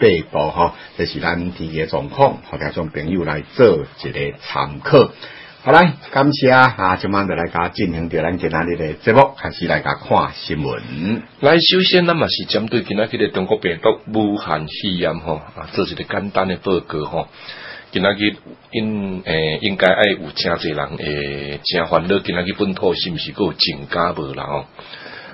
報告哈，這是咱地嘅狀況，好，聽眾朋友來做一個參考。好，來，感謝啊，啊，今晚就來甲進行掉咱今日呢個節目，開始來甲看新聞。來，首先，那麼是針對今仔日中國病毒武漢肺炎哈，啊，做一啲簡單嘅報告哈。今仔日應誒，應該有真儕人誒，真煩惱，今仔日本土是唔是擱有增加無人？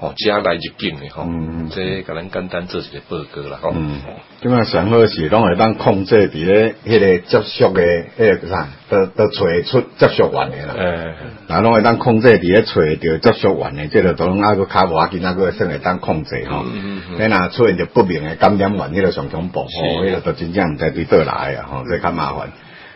哦，加來入境的吼、哦嗯，這可能簡單做一個報告啦。吼、哦。嗯，因為上好是攏會當控制佇咧迄個接觸嘅，迄個啥，都都揣出接觸源嘅啦。誒、嗯，誒，誒，哎、嗯嗯哦嗯，那攏會當控制佇咧揣着接觸源嘅，即個都攏抑擱卡無要緊，抑擱會算會當控制吼。嗯嗯嗯。你若出現就不明嘅感染源迄個上恐怖，迄個都真正毋知佇倒來呀，吼、哦，即較麻煩。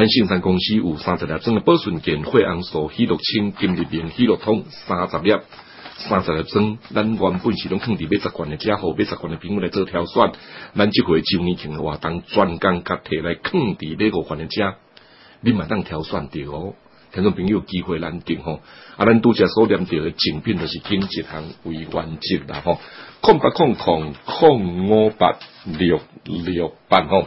咱信山公司有三十粒裝嘅保存鹼、血紅素、喜樂清、金日明、喜樂通，三十粒，三十粒裝。咱原本是攏藏佇每十塊錢只，號每十塊錢瓶來做挑選。咱即回周年慶嘅活動，專工甲提來藏佇每五塊錢只，你咪當挑選着哦。聽眾朋友，機會難得吼，啊，咱拄則所念着嘅精品著是經濟行為關鍵啦吼。空八空空空五八六六八吼。哦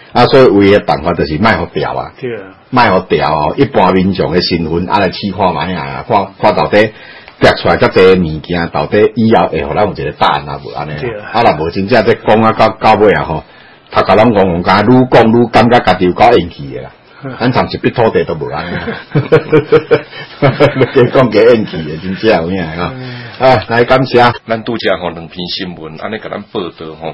啊，所以唯一辦法就是賣互調啊，賣互調哦。一般民眾嘅身份阿來試看下啊，看看到底跌出來較濟物件，到底以後會互咱有一個答案啊。無安尼？啊，若無真正在講啊，到到尾啊吼，他甲咱講，講愈講愈感覺家己有夠勇氣嘅啦，咱暫時筆土地都無安尼。哈哈講加勇氣嘅，真正有影啊？啊，來感謝。咱拄則吼兩篇新聞，安尼甲咱報道吼。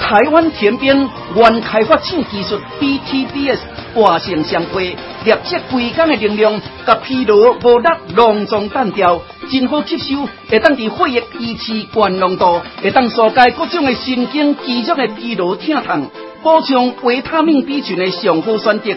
台灣田邊原開發新技術 B T D 的活性成分，直接歸降的能量，甲疲勞無力掉，隆重單調，正好吸收，會當佇血液維持高濃度，會當紓解各種嘅神經肌肉嘅疲勞疼痛，補充維他命 B 群嘅上好選擇。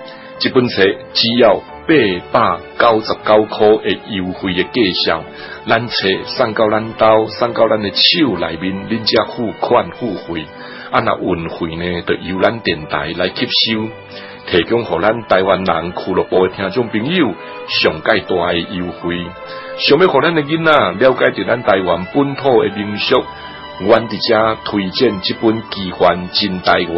這本冊只要八百九十九塊的優惠的價上，咱冊送到咱兜送到咱的手內面，恁才付款付費，啊那運費呢，就由咱電台來吸收，提供給咱台灣人、俱樂部聽眾朋友的上介大嘅優惠，想要給咱嘅囡仔了解住咱台灣本土嘅民俗，阮佇遮推薦這本，本《奇幻真台灣》。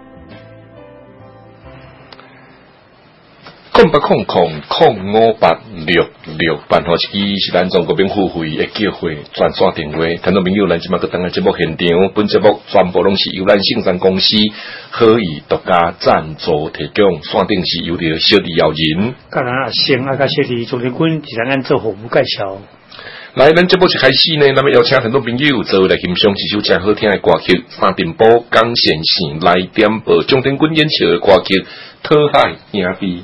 不控控控，五八六六八號，是伊是咱台灣人俱樂部嘅聚會，轉轉電話，很多朋友來，今物個等下節目現場，本節目全部攏是由咱盛讚公司可以獨家贊助提供。山頂是有小的邀人，啊，先啊，做服務介紹。來，咱節目是開始呢，那麼邀請很多朋友做為來欣賞一首真好聽嘅歌曲。三點寶剛先生來點播中天軍演唱嘅歌曲《討海兄弟》。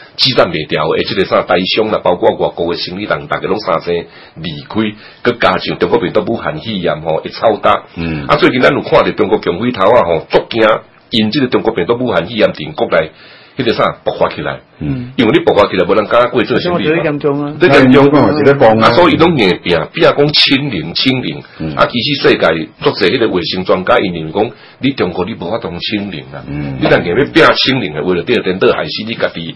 治得未掉？而即個啥台商啦，包括外國嘅生理人，大家攏三聲離開佫加上中國病毒武漢肺炎，吼會超大。嗯。啊，最近咱有看着中國共匪頭啊，吼，足驚，因即個中國病毒武漢肺炎佇國內迄、那個啥爆發起來。嗯。因為你爆發起來無人敢過做生，生理。我、嗯、重、這個嗯、啊！最嚴重嗰個做咩放啊？所以攏硬拼，比如講清零，清零。年、嗯，啊，其實世界足濟，迄個衛生專家因然講，你中國你無法通清零啊。嗯。你但係要拼清零的為咗第二點都害死你家己。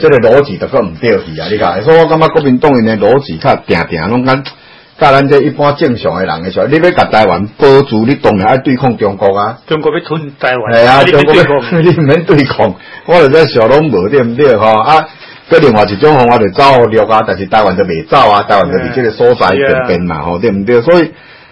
這個邏輯都夠唔對起啊！你看，所以我感覺國民黨人呢邏輯，較定定攏講，加咱這一般正常的人的時候，你要甲台灣幫助你，當然要對抗中國啊。中國要吞台灣、啊，你免對抗，你免對抗。我實在想攏無對唔對吼？啊，再另外一種，我就走掠啊，但是台灣就未走就邊邊啊，台灣就是這個所在邊邊嘛，吼對唔對？所以。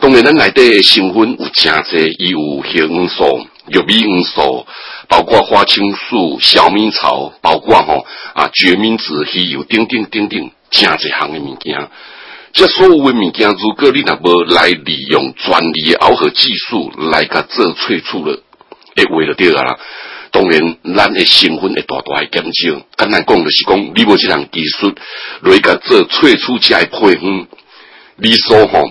當然我的很多，咱內底成分有誠濟伊有香素、玉米黃素，包括花青素、小米草，包括吼、哦、啊決明子，還有等等等等誠濟項嘅物件。這些所有嘅物件，如果你若無來利用專利熬合技術來甲做萃取了，的話就對啦。當然，咱嘅成分會大大嘅減少。簡單講就是講，你要一項技術來甲做萃取加配方，你說吼、哦？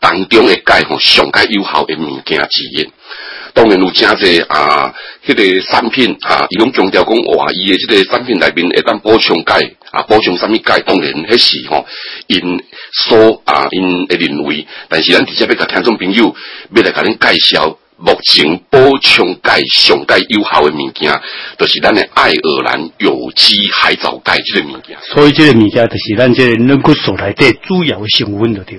當中的鈣吼，上蓋有效嘅物件之一。當然有真濟啊，迄、那個產品啊，伊攏強調講哇伊嘅即個產品內面會當補充鈣啊，補充啥物鈣？當然迄時吼，因所啊因嘅認為。但是咱直接要甲聽眾朋友要來甲恁介紹，目前補充鈣上蓋有效嘅物件，就是咱嘅愛爾蘭有機海藻鈣即個物件。所以，即個物件就是咱即個能夠所來對主要成分嗰條。